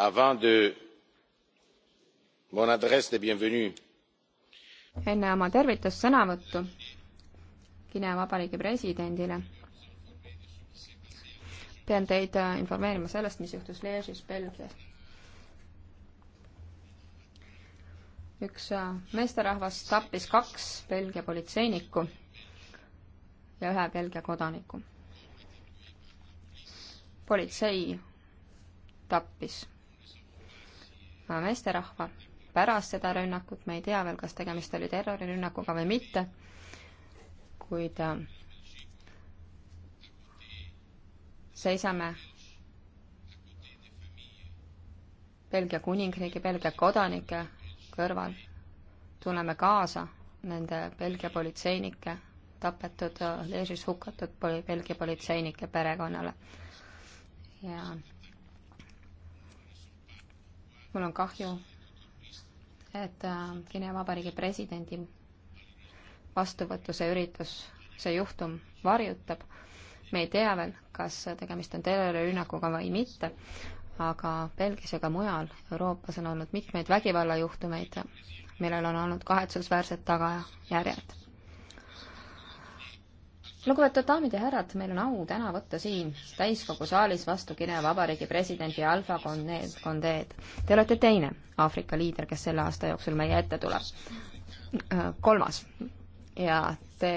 avant de mon adresse de bienvenue enne oma tervitussõnavõttu Guinea Vabariigi presidendile pean teid äh, informeerima sellest, mis juhtus Liegis, Belgias. üks äh, meesterahvas tappis kaks Belgia politseinikku ja ühe Belgia kodaniku. politsei tappis meesterahva pärast seda rünnakut, me ei tea veel, kas tegemist oli terrorirünnakuga või mitte, kuid äh, seisame Belgia kuningriigi, Belgia kodanike kõrval, tunneme kaasa nende Belgia politseinike, tapetud, Leesis äh, hukatud Belgia politseinike perekonnale. ja mul on kahju, et äh, Guinea Vabariigi presidendi vastuvõtuse üritus, see juhtum varjutab. me ei tea veel, kas tegemist on terrorirünnakuga või mitte, aga Belgias ja ka mujal Euroopas on olnud mitmeid vägivallajuhtumeid, millel on olnud kahetsusväärsed tagajärjed lugupeetud daamid ja härrad, meil on au täna võtta siin täiskogu saalis vastu Guinea Vabariigi presidendi Alfa Conde'd. Te olete teine Aafrika liider, kes selle aasta jooksul meie ette tuleb. kolmas ja te